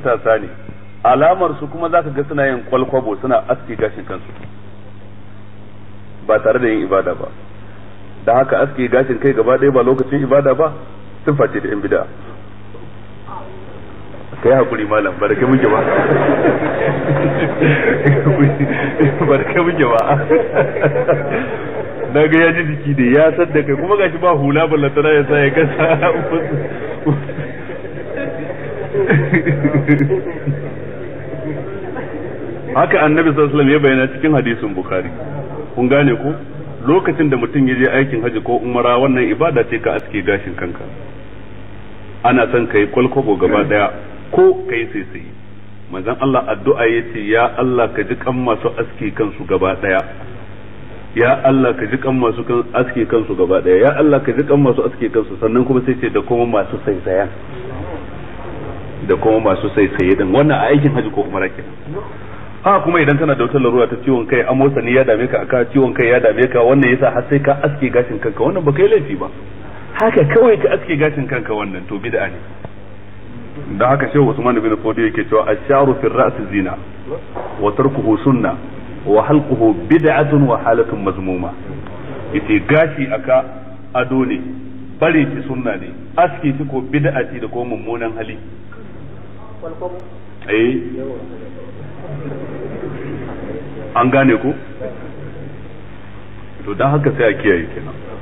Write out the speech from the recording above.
matasa ne alamar su kuma zaka ga suna yin kwalkwabo suna aski gashin kansu ba tare da yin ibada ba da haka aski gashin kai gaba ɗaya ba lokacin ibada ba sun face da yan bida kai hakuri malam barke da kai muke ba ba muke ba na ga ya ji jiki da ya sadda kai kuma gashi ba hula ballantana ya sa ya gasa haka annabi sallallahu alaihi ya bayyana cikin hadisin bukhari kun gane ko lokacin da mutum ya je aikin haji ko umara wannan ibada ce ka aske gashin kanka ana son kai kwalkwabo gaba daya ko kai sai sai manzon Allah addu'a yace ya Allah ka ji kan masu aske kansu gaba daya ya Allah ka ji kan masu aske kansu gaba daya ya Allah ka ji kan masu aske kansu sannan kuma sai ce da kuma masu saisayan da kuma masu sai saye din wannan a aikin haji ko umara kenan a kuma idan kana da wutar larura ta ciwon kai amosa ne ya dame ka aka ciwon kai ya dame ka wannan yasa har sai ka aske gashin kanka wannan ba kai laifi ba haka kawai ka aske gashin kanka wannan to bid'a ne da haka shehu Usman bin Fodi yake cewa asharu fi ra's zina wa tarkuhu sunna wa halquhu bid'atun wa halatun mazmuma yace gashi aka ado ne bare shi sunna ne aske shi ko bid'a ce da ko mummunan hali eh an gane ku to don haka sai a kiyaye kenan